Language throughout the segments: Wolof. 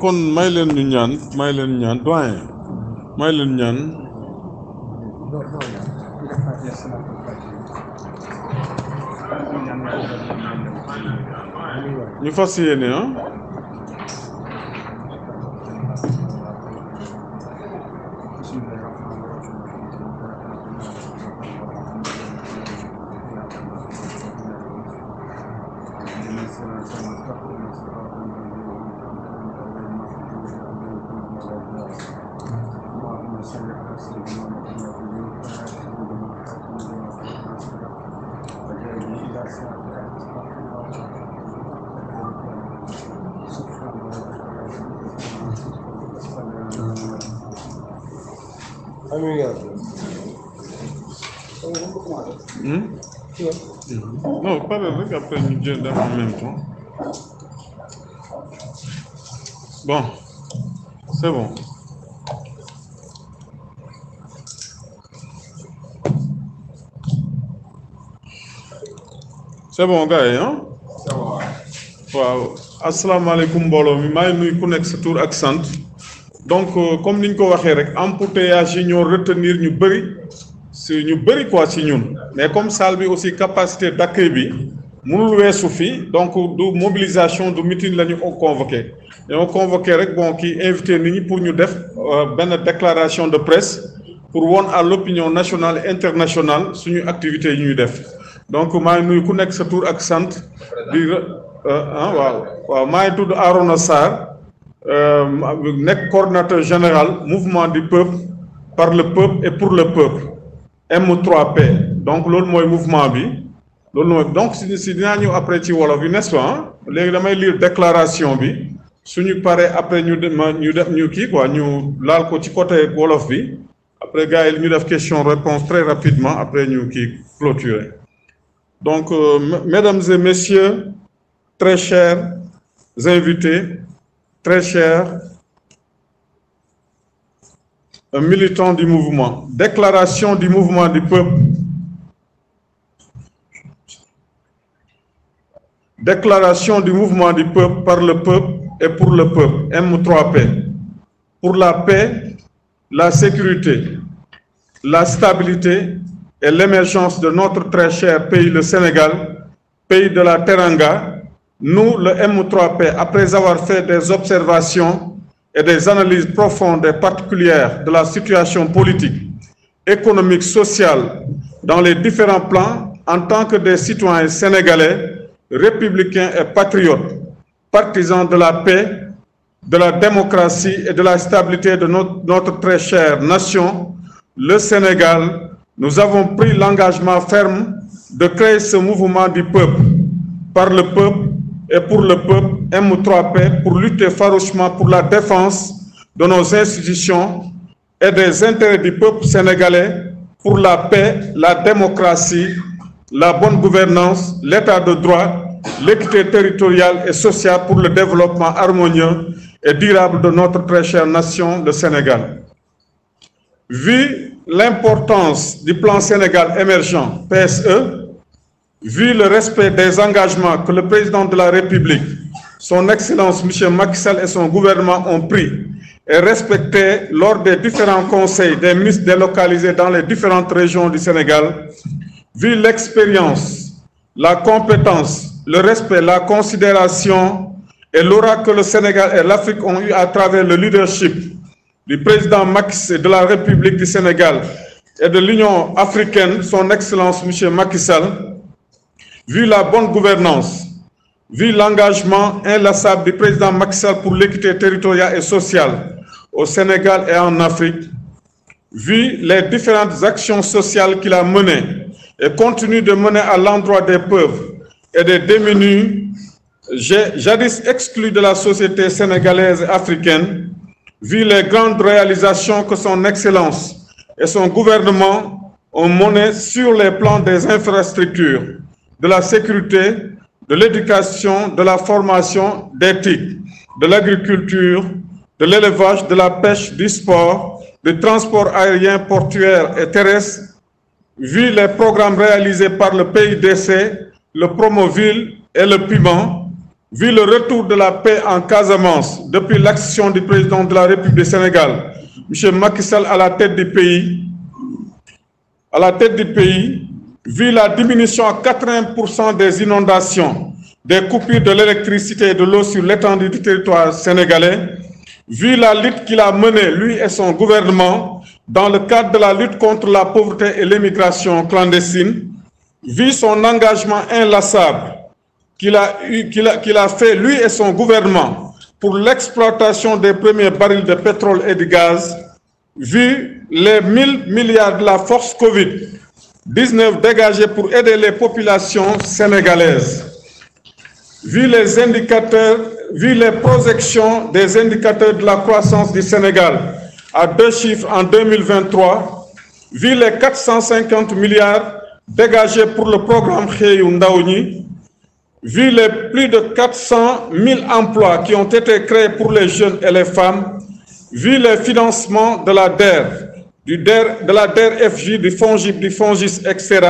kon may leen ñu ñaan may leen ñaan doyen may leen ñaan ñu fas yéene ah. Hmm? non parle rek après ñu jël def en même temps bon c'est bon c'est bon gars yi ah waaw asalaamaaleykum mbooloo mi maa ngi ku nekk sa tur ak sant donc euh, comme niñ ko waxee rek embouteillage yi ñoo retenir ñu bari si ñu bëri quoi si ñun mais comme salle bi aussi capacité d'accueil bi mënul weesu fii donc du mobilisation du meeting la ñu convoqué ñoo convoqué rek bon kii invité nit ñi pour ñu def euh, benn déclaration de presse pour won à l'opinion nationale et internationale suñu activité yi ñuy def donc maa ngi ku nekk sa tur ak sant di euh, ah, waaw waaw maa ngi tudd Arona Sarr euh, nekk coordonnateur général mouvement du peuple par le peuple et pour le peuple M3P donc loolu mooy mouvement bi loolu mooy donc si si dinaa après ci wolof bi n'est-ce pas léegi damay liir déclaration bi suñu paree après ñu ñu def ñu kii quoi ñu laal ko ci côté wolof bi après gars yi ñu def question réponse très rapidement après ñu kii clôturer donc euh, mesdames et messieurs très chers invités très chers militants du mouvement. Déclaration du mouvement du peuple. Déclaration du mouvement du peuple par le peuple et pour le peuple. M3P. Pour la paix, la sécurité, la stabilité et l'émergence de notre très cher pays, le Sénégal, pays de la Teranga, nous, le m 3 après avoir fait des observations et des analyses profondes et particulières de la situation politique, économique, sociale dans les différents plans en tant que des citoyens sénégalais, républicains et patriotes, partisans de la paix, de la démocratie et de la stabilité de notre, notre très chère nation, le Sénégal, nous avons pris l'engagement ferme de créer ce mouvement du peuple, par le peuple et pour le peuple M3P pour lutter farouchement pour la défense de nos institutions et des intérêts du peuple sénégalais pour la paix, la démocratie, la bonne gouvernance, l'état de droit, l'équité territoriale et sociale pour le développement harmonieux et durable de notre très chère nation, de Sénégal. Vu l'importance du plan Sénégal émergent, PSE, vu le respect des engagements que le président de la République Son Excellence M. Macky Sall et son gouvernement ont pris et respecté lors des différents conseils des ministres délocalisés dans les différentes régions du Sénégal, vu l'expérience, la compétence, le respect, la considération et l'aura que le Sénégal et l'Afrique ont eu à travers le leadership du président Macky et de la République du Sénégal et de l'Union africaine, son Excellence M. Macky Sall, vu la bonne gouvernance, vu l'engagement inlassable du président Macky Sall pour l'équité territoriale et sociale au Sénégal et en Afrique, vu les différentes actions sociales qu'il a menées et continue de mener à l'endroit des pauvres et des démunis, jadis exclus de la société sénégalaise et africaine, vu les grandes réalisations que son Excellence et son gouvernement ont menées sur les plans des infrastructures, de la sécurité, de l'éducation, de la formation, d'éthique, de l'agriculture, de l'élevage, de la pêche, du sport, du transport aérien, portuaire et terrestre, vu les programmes réalisés par le PIDC, le Promoville et le Piment, vu le retour de la paix en Casamance depuis l'action du président de la République du M. Macky la tête du pays, à la tête du pays, vu la diminution à 80 pour cent des inondations, des coupures de l'électricité et de l'eau sur l'étendue du territoire sénégalais, vu la lutte qu'il a menée, lui et son gouvernement, dans le cadre de la lutte contre la pauvreté et l'émigration clandestine, vu son engagement inlassable qu'il a, qu'il a, qu'il a fait, lui et son gouvernement, pour l'exploitation des premiers barils pétrole et de gaz, les 1000 milliards la force Covid 19 dégagés pour aider les populations sénégalaises. Vu les indicateurs, vu les des indicateurs de la croissance du Sénégal à deux chiffres en 2023, vu les 450 milliards dégagés pour le programme Xëyu Ndaw ñi, vu les plus de 400 000 emplois qui ont été créés pour les jeunes et les femmes, vu les financements de la DER du DR, de la DRFJ, du FONGIP, du FONGIS, etc.,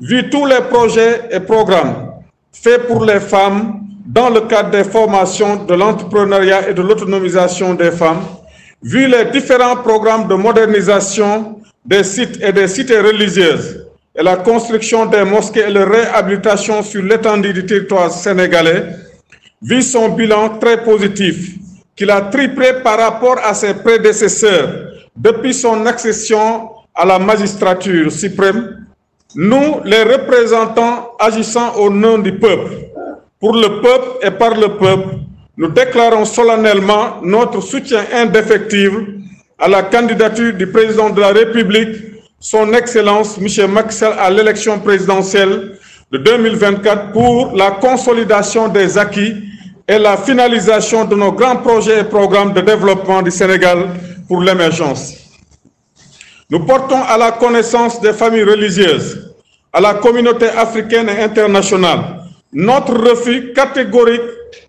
vit tous les projets et programmes faits pour les femmes dans le cadre des formations de l'entrepreneuriat et de l'autonomisation des femmes, vu les différents programmes de modernisation des sites et des cités religieuses et la construction des mosquées et la réhabilitation sur l'étendue du territoire sénégalais, vit son bilan très positif qu'il a triplé par rapport à ses prédécesseurs depuis son accession à la magistrature suprême, nous, les représentants agissant au nom du pour le peuple par le peuple, nous déclarons solennellement notre soutien indéfectible à la candidature du président de la République, son Excellence Michel Maxel, à l'élection présidentielle de 2024 pour la consolidation des acquis et la finalisation de nos grands projets et programmes développement du Sénégal pour l'émergence. Nous portons à la connaissance des familles religieuses, à la communauté africaine et internationale, notre refus catégorique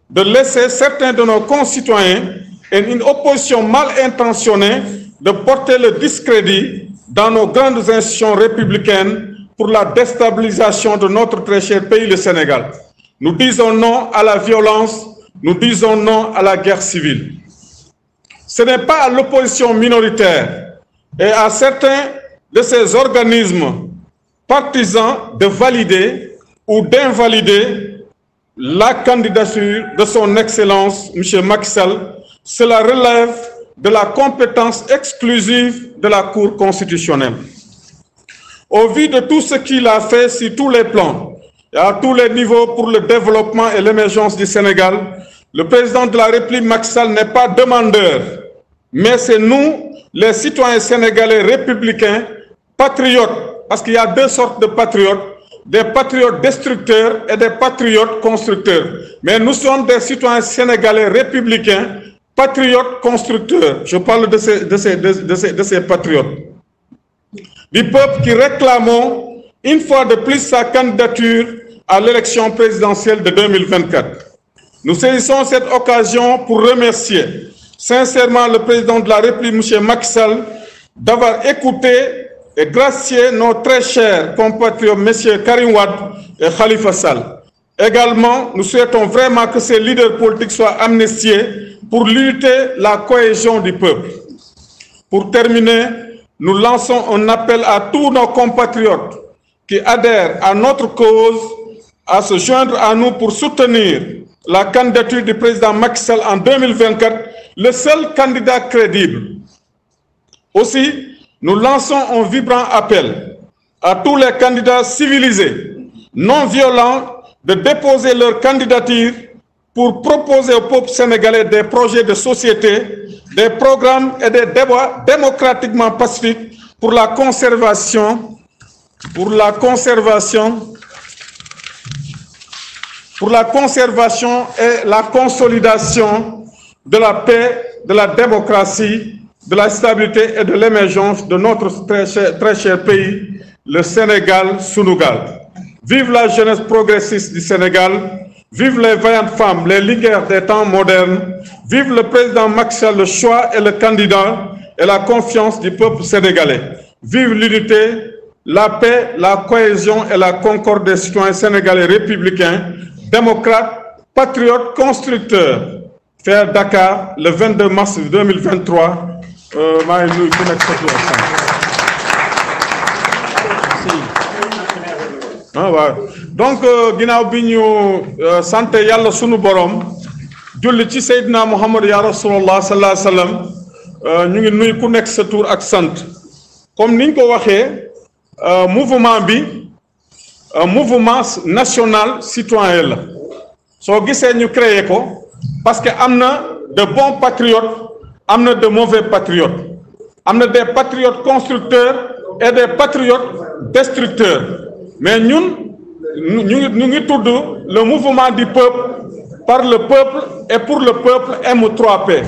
de laisser certains de nos concitoyens et une opposition mal intentionnée de porter le discrédit dans nos grandes institutions républicaines pour la déstabilisation de notre très cher pays, le Sénégal. Nous disons non à la violence, nous disons non à la guerre civile. Ce n'est pas à l'opposition minoritaire et à certains de ces organismes partisans de valider ou d'invalider la candidature de son Excellence, M. Maxel. Cela relève de la compétence exclusive de la Cour constitutionnelle. Au vu de tout ce qu'il a fait sur tous les plans et à tous les niveaux pour le développement et l'émergence du Sénégal, Le président de la République, Macky Sall, n'est pas mais c'est nous, les citoyens sénégalais républicains, patriotes, parce qu'il y a deux sortes de patriotes, des patriotes destructeurs et des patriotes constructeurs. Mais nous des citoyens sénégalais républicains, patriotes constructeurs. Je parle de ces, de ces, de, de ces, de ces patriotes. Du peuple qui réclamons une fois de plus sa candidature à l'élection présidentielle de 2024. Nous saisissons cette occasion pour remercier sincèrement le président de la République, M. Maxal, d'avoir écouté et gracier nos très chers compatriotes, M. Karim Wad et Khalifa Sall. Également, nous souhaitons vraiment que ces leaders politiques soient amnistiés pour lutter la cohésion du peuple. Pour terminer, nous lançons un appel à tous nos compatriotes qui adhèrent à notre cause à se joindre à nous pour soutenir la candidature du président Macky Sall en 2024, le seul candidat crédible. Aussi, nous lançons un vibrant appel à tous les candidats civilisés, non violents, de déposer leur candidature pour proposer au peuple sénégalais des projets de société, des programmes et des débats démocratiquement pacifiques pour la conservation, pour la conservation pour la conservation et la consolidation de la paix, de la démocratie, de la stabilité et de l'émergence de notre très cher, très cher, pays, le Sénégal Sunugal. Vive la jeunesse progressiste du Sénégal, vive les vaillantes femmes, les ligueurs des temps modernes, vive le président Maxel, le choix et le candidat et la confiance du peuple sénégalais. Vive l'unité, la paix, la cohésion et la concorde des citoyens sénégalais républicains démocrate, patriote, constructeur. faire Dakar le 22 mars 2023 euh, maa ngi nuyu ku nekk sa tur ak sant. Ah, donc euh, ginnaaw bi ñu euh, sant yàlla sunu borom julli ci Seydina Muhammad ya Rasulullah sallallahu alayhi ñu ngi nuyu ku nekk sa tour ak sant comme niñ ko waxee mouvement bi. mouvement national citoyen la soo gisee ñu créer ko parce que am na de bons patriotes am na de mauvais patriotes am na des patriotes constructeurs et des patriotes destructeurs mais ñun ñu ñu ngi tudd le mouvement du peuple par le peuple et pour le peuple M3P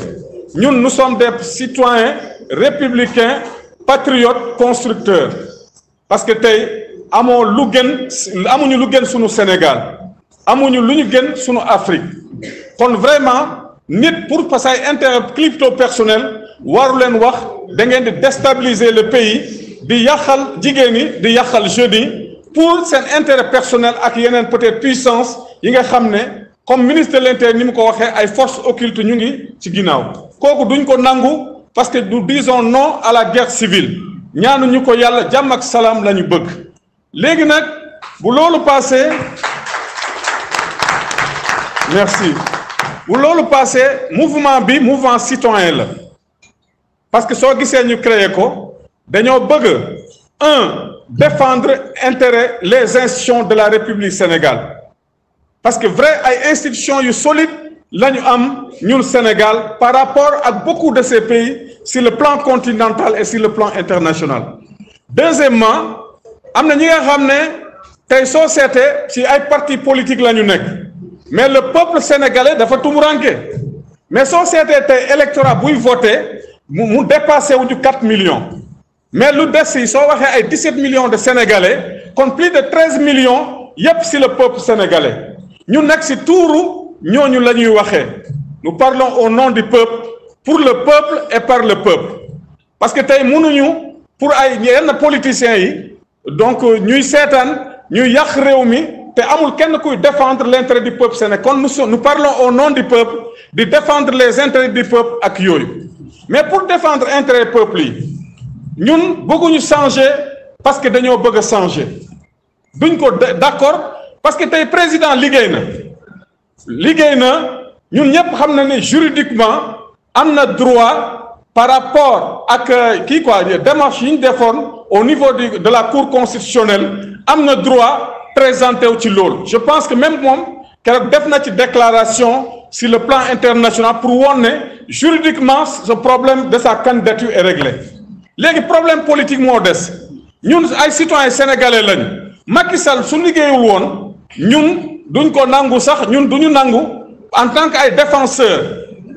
ñun nous sommes des citoyens républicains patriotes constructeurs parce que tey amoo lu gën amuñu lu gën sunu Sénégal amuñu lu ñu gën sunu Afrique kon vraiment nit pour passer intérêt crypto personnel waru leen wax da ngeen di déstabiliser le pays di yàqal jigéen ñi di yàqal jeunes yi pour seen intérêt personnel ak yeneen peut-être puissance yi nga xam ne comme ministre de ni mu ko waxee ay force occultes ñu ngi ci ginnaaw kooku duñ ko nangu parce que nous disons non à la guerre civile ñaanu ñu ko yàlla jàmm ak salaam lañu ñu bëgg. léegi nag bu loolu passé merci bu loolu passé mouvement bi mouvement citoyen la parce que soo gisee ñu créer ko dañoo bëgg un défendre intérêt les institutions de la République Sénégal parce que vrai ay institutions yu solide la ñu am ñun Sénégal par rapport ak beaucoup de ces pays sur le plan continental et sur le plan international deuxièmement am na ñi nga xam ne tey soo seetee ci ay parti politique la ñu nekk mais le peuple sénégalais dafa tumuranke mais soo seetee tey électorat buy voté mu mu dépassé wu ñu million mais lu des si soo waxee ay 17 millions de sénégalais kon plus de million millions yépp si le peuple sénégalais ñu nekk si tuuru ñooñu la ñuy waxee nous parlons au nom du peuple pour le peuple et par le peuple parce que tey mënuñu pour ay yenn politiciens yi. donc euh, ñuy seetaan ñuy yàq réew mi te amul kenn kuy défendre l' intérêt du peuple sénégalais kon nous nous parlons au nom du peuple di défendre les intérêts du peuple ak yooyu mais pour défendre intérêt peuple yi ñun bëgguñu changer parce que dañoo bëgg a changer duñ ko d' accord parce que tey président liggéey na liggéey na ñun ñëpp xam na ne juridiquement am na droit par rapport ak euh, kii quoi démarche yi ñu defoon. au niveau du de la cour constitutionnelle am na droit présenté wu ci loolu je pense que même moom keroog def na ci déclaration sur le plan international pour woon ne juridiquement ce problème de sa candidature est réglé léegi problème politique moo des ñun ay citoyens sénégalais lañu Macky Sall su liggéeyul woon ñun duñ ko nangu sax ñun ñu nangu en tant que ay défenseur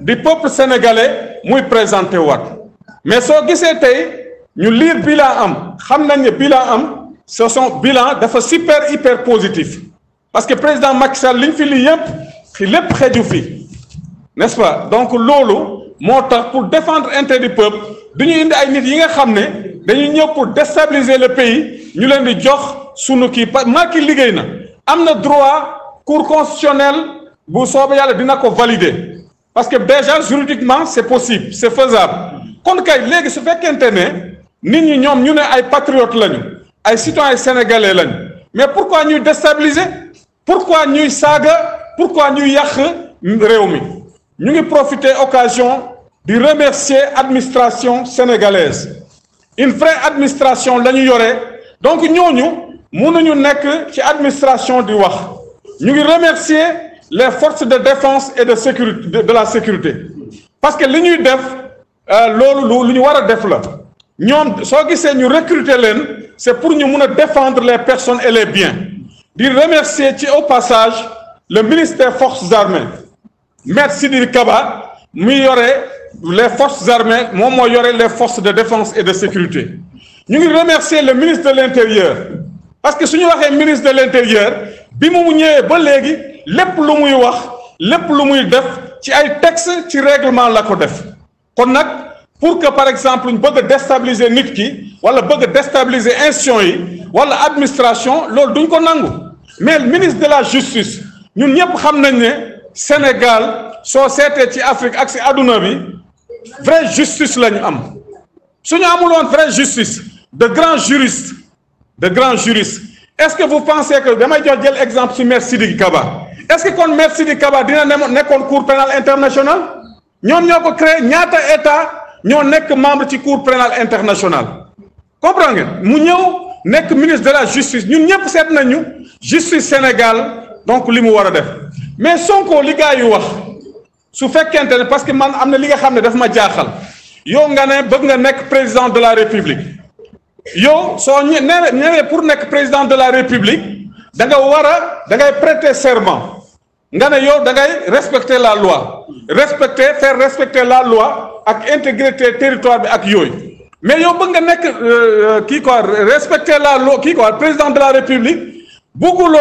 di peuple sénégalais muy présenté waat mais soo gisee tey. ñu liir bilan am xam nañ ne bilan am ce sont bilan dafa super hyper positif parce que président Macky Sall li ñu fi lii yëpp fi lépp xeju fi n'est-ce pas donc loolu moo tax pour défendre intérêt du peuple du ñu indi ay nit yi nga xam ne dañuy ñëw pour déstabiliser le pays ñu leen di jox sunu kii parce que liggéey na am na droit cour constitutionnelle bu soobee yàlla dina ko valider parce que déjà juridiquement c'est possible c'est faisable kon kay léegi su fekkente ne. nit ñi ñoom ñu ne ay patriotes lañu ay citoyens sénégalais lañu mais pourquoi ñuy déstabiliser pourquoi ñuy saaga pourquoi ñuy yàq réew mi ñu ngi profiter occasion di remercier administration sénégalaise une vraie administration la ñu yore donc ñooñu mënuñu nekk ci administration di wax ñu ngi remercier les forces de défense et de sécurité de la sécurité parce que li ñuy def euh, loolu lu ñu war a def la. ñoom soo gisee ñu recruter leen c'est pour ñu mun a défendre les personnes et les biens di remercier ci au passage le ministre force forces armées maître Sidiki Kaba mi yore les forces armées moom moo yore les forces de défense et de sécurité ñu ngi remercier le ministre de l'intérieur parce que su ñu waxee ministre de l'intérieur bi mu ñëwee ba léegi lépp lu muy wax lépp lu muy def ci ay textes ci règlement la ko def kon nag pour que par exemple ñu bëgg a déstabiliser nit ki wala bëgg a déstabiliser institution yi wala administration loolu duñ ko nangu mais ministre de la justice ñun ñëpp xam nañ ne Sénégal soo seetee ci Afrique ak si bi vraie justice la am su ñu amul woon de grands juristes de grands juristes est-ce que vous pensez que damay jox exemple ci maître Sidiki Kaba kon maître Sidiki dina nekkoon cour pénale internationale ñoom ñoo ko créé ñaata état. ñoo nekk membre ci cour pénale internationale comprend ngeen mu ñëw nekk ministre de la justice ñun ñëpp seet nañu justice Sénégal donc li mu war a def mais Sonko li gaa wax su fekkente ne parce que man am na li nga xam ne daf ma jaaxal yow nga ne bëgg nga nekk président de la république yow soo ñëwee ñëwee pour nekk président de la république da nga war a da ngay prêter serment nga ne yow da ngay respecter la loi respecter faire respecter la loi ak intégrité territoire bi ak yooyu mais yow bëgg nga nekk euh, kii quoi respecter la loi kii quoi président de la république bugguloo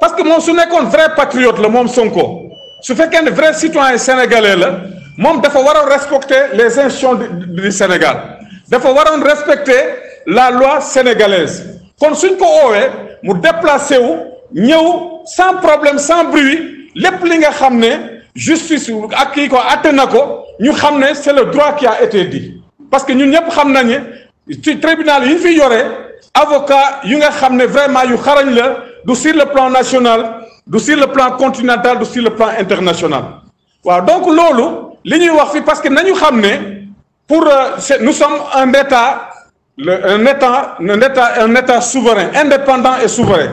parce que moom su nekkoon vrai patriote la moom Sonko su fekkee ne vrai citoyen sénégalais la moom dafa war a respecter les institutions du Sénégal dafa waroon respecter la loi sénégalaise kon suñ ko oowee mu déplacé wu ñëw sans problème sans bruit lépp li nga xam ne justice ak kii ko atte na ko ñu xam ne c'est le droit qui a été dit parce que ñun ñëpp xam nañu ci tribunal yi ñu fi yore avocat yu nga xam ne vraiment yu xarañ la du sur le plan national du sur le plan continental du sur le plan international waaw donc loolu li ñuy wax fi parce que nañu xam ne pour euh, nous sommes un état un état un un état souverain indépendant et souverain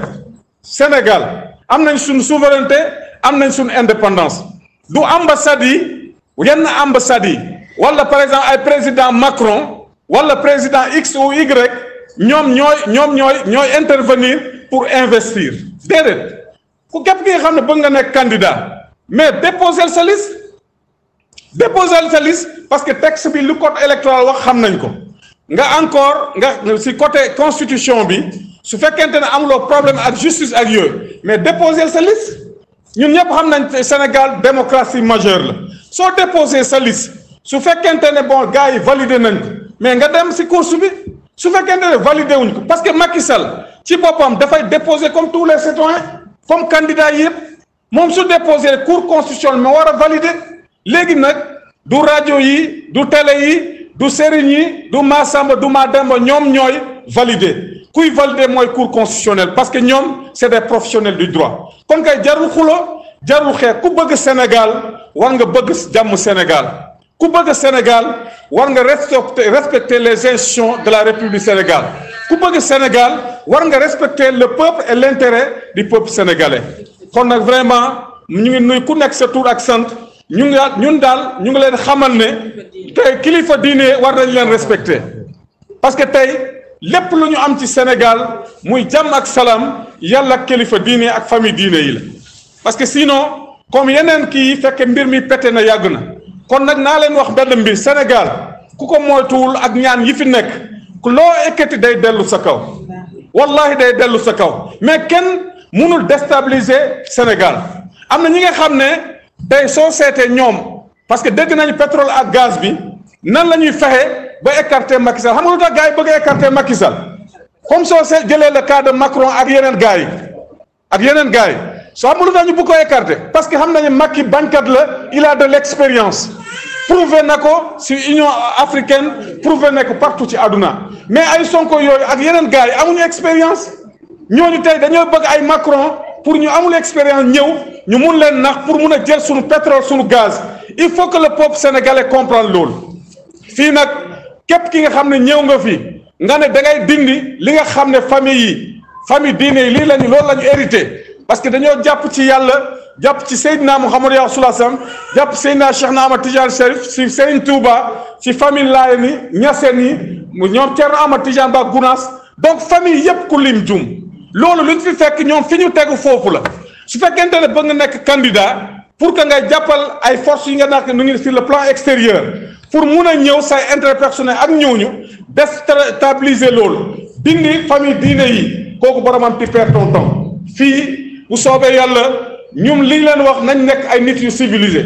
Sénégal am nañ suñu souveraineté am nañ suñu indépendance du ambassade yenn ambassades yi wala par exemple ay président Macron wala président X ou Y ñoom ñooy ñoom ñooy ñooy intervenir pour investir déedéet ku képp ki nga xam ne bëgg nga nekk candidat mais déposer sa liste déposer sa liste parce que texte bi lu code électoral wax xam nañ ko nga encore nga si côté constitution bi su fekkente ne amuloo problème ak justice ak yooyu mais déposer sa liste ñun ñëpp xam nañ Sénégal démocratie majeure la soo déposé sa liste su fekkente ne bon gars yi validé nañ ko mais nga dem si course bi su fekkente ne validé wuñ ko parce que Macky Sall ci boppam dafay déposé comme tous les citoyens comme candidat yi moom su déposé cour constitutionnelle moo war a validé léegi nag du rajo yi du télé yi du sëriñ yi du Massamba du Mademba ñoom ñooy validé kuy validé mooy cour constitutionnelle parce que ñoom c'est des professionnels du droit kon kay jarul xuloo jarul xeet ku bëgg Sénégal war nga bëgg jàmm Sénégal ku bëgg Sénégal war nga respecter respecter les institutions de la République Sénégal ku bëgg Sénégal war nga respecter le peuple et l'intérêt du peuple sénégalais kon nag vraiment ñu ngi nuy ku nekk sa tur ak sant ñu ngi ñun daal ñu ngi leen xamal ne tey kilifa diine war nañ leen respecte parce que tey lépp lu ñu am ci Sénégal muy jàmm ak salaam yàlla kilifa diine ak famille diine yi la. parce que sinon comme yeneen kii fekke mbir mi pete na yàgg na kon nag naa leen wax benn mbir Sénégal ku ko moytuwul ak ñaan yi fi nekk loo ekkati day dellu sa kaw wallahi day dellu sa kaw mais kenn munul déstabiliser Sénégal am na ñi nga xam ne tey soo seetee ñoom parce que dégg nañu pétrole ak gaz bi nan la ñuy fexe ba écarter Macky Sall xam nga lu tax gars yi bëgg a comme soo see jëlee le cas de Macron ak yeneen gars yi ak yeneen gars yi soo xam lu tax ñu bu ko écarté parce que xam nañu Macky bañkat la il a de l' expérience prouvé na ko si Union africaine prouvé na ko partout ci àdduna mais ay Sonko yooyu ak yeneen gars yi amuñu expérience ñooñu tey dañoo bëgg ay Macron pour ñu amul expérience ñëw ñu mun leen nax pour mun a jël suñu pétrole suñu gaz il faut que le peuple sénégalais comprendre loolu fii nag képp ki nga xam ne ñëw nga fi nga ne da ngay dindi li nga xam ne famille yi famille diine yi lii lañu loolu la ñu parce que dañoo jàpp ci yàlla jàpp ci Seydina Mouhamadou ya Rasulullah sallam jàpp Seydina Cheikh na Ahmad Tidiane Chérif si Serigne Touba si famille Laay ni Ñaseen yi ñoom Thierno Ahmad Tidiane Ba Gounass donc famille yëpp ku lim jum loolu lu ñu fi fekk ñoom fi ñu tegu foofu la si fekkente ne ba nga nekk candidat pour que ngay jàppal ay forces yi nga nak nu ngi sur le plan extérieur pour mun a ñëw say intérêt personnel ak ñëwñu déstabiliser loolu dindi famille diine yi kooku boromam ti bu soobee yàlla ñoom liñ leen wax nañu nekk ay nit yu civilisé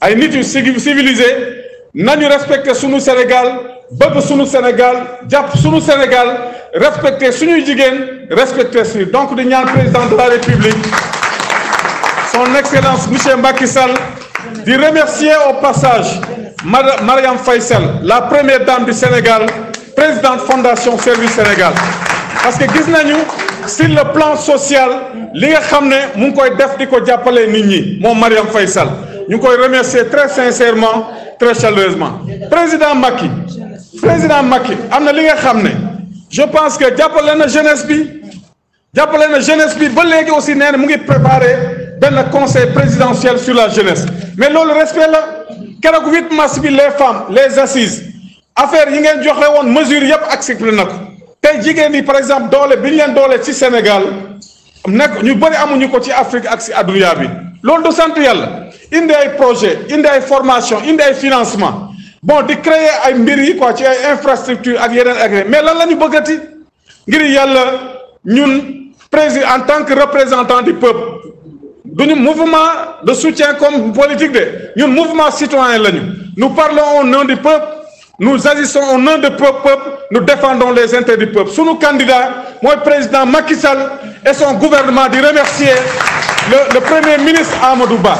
ay nit yu civilisé nañu respecté sunu Sénégal bëgg sunu Sénégal jàpp sunu Sénégal respecté suñuy jigéen respecté suñu donc di ñaan président de la République son excellence monsieur Macky Sall di remercier au passage Mariam Faye Sall la première dame du Sénégal présidente fondation service Sénégal parce que gis nañu si le plan social li nga xam ne mu ngi koy def di ko jàppale nit ñi moom Mariam Faye Sall ñu ngi koy remercier très sincèrement très chaleureusement président Macky président Macky am na li nga xam ne je pense que jàppale na jeunesse bi jàppale na jeunesse bi ba léegi aussi nee na mu ngi préparé benn conseil présidentiel sur la jeunesse mais loolu respect la keroog 8 mars bi les femmes les assises affaire yi ngeen joxe woon mesure yëpp accepté na ko tey jigéen yi par exemple doole bi ñu leen doole ci Sénégal nekk ñu bëri amuñu ko ci Afrique ak si adduna bi lool du sant yàlla indi ay projet indi ay formation indi ay financement bon di créer ay mbir yi ko ci ay infrastructure ak yeneen ak yeneen mais lan la ñu bëggati ngir yàlla ñun président en tant que représentant di du peuple duñu mouvement de soutien comme politique de ñun mouvement citoyen lañu nous parlons au nom du peuple nous agissons au nom du peuple nous défendons les intérêts du peuple sunu candidat mooy président Macky Sall et gouvernement di remercier le le premier ministre Amadou Ba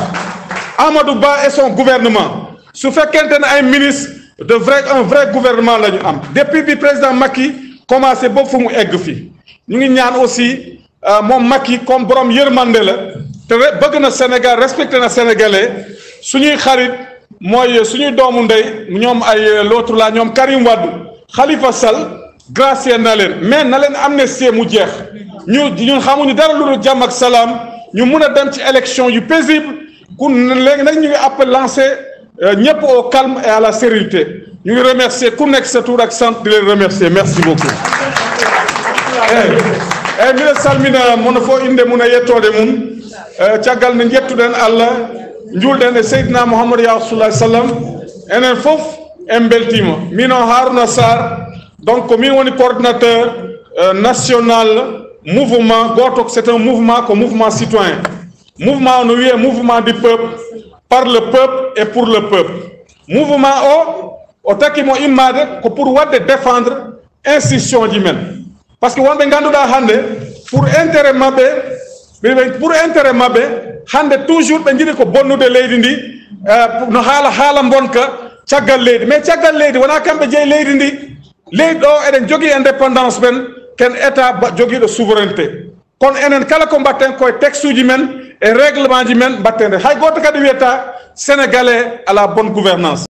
Amadou Ba et son gouvernement su fekkente ne ay ministre de vrai un vrai gouvernement la ñu am depuis bi président Macky commencé ba fu mu egg fii ñu ngi ñaan aussi euh, moom Macky comme borom yërmande la te bëgg na Sénégal respecté na sénégalais suñuy xarit mooy suñuy doomu ndey ñoom ay euh, l'autre laa ñoom Karim Wade Khalifa Sall gracier na leen mais na leen amnistie mu jeex. ñu ñun xamuñu dara lu dul jàmm salaam ñu mun a dem ci élection yu paisible ku léegi nag ñu ngi appel lancé euh, ñëpp au calme et à la sérénité ñu ngi remercier ku nekk sa tur ak sant di remercier merci beaucoup eyyi eh, mbiɗa eh, salmina mono fof inde mum e yettode mum euh, caggal nde jettuɗen allah julɗen e seydina mouhamadou ya rasulah sallam fof en beltima min o haruna donc ko min woni coordinateur euh, national mouvement Gotok, c'est un mouvement comme mouvement citoyen. Mouvement ONU est mouvement du peuple, par le peuple et pour le peuple. Mouvement O, otakimo imade, que pour wade défendre institution humaine. Parce que wande ngandu da hande, pour intérêt mabé, pour intérêt mabé, hande toujours ɓe jiɗi ko bonnude leydi ndi eh, no haala haala bonka caggal leydi mais caggal leydi wona kamɓe jeeyi leydi ndi leydi ɗo eɗen jogii indépendance ɓen ken état ba jogiiɗo souveraineté kono enen kala ko mbatten koye texte uji men e réglement ji men mbatten nde hay goto kadi wiyata sénégalais à la bonne gouvernance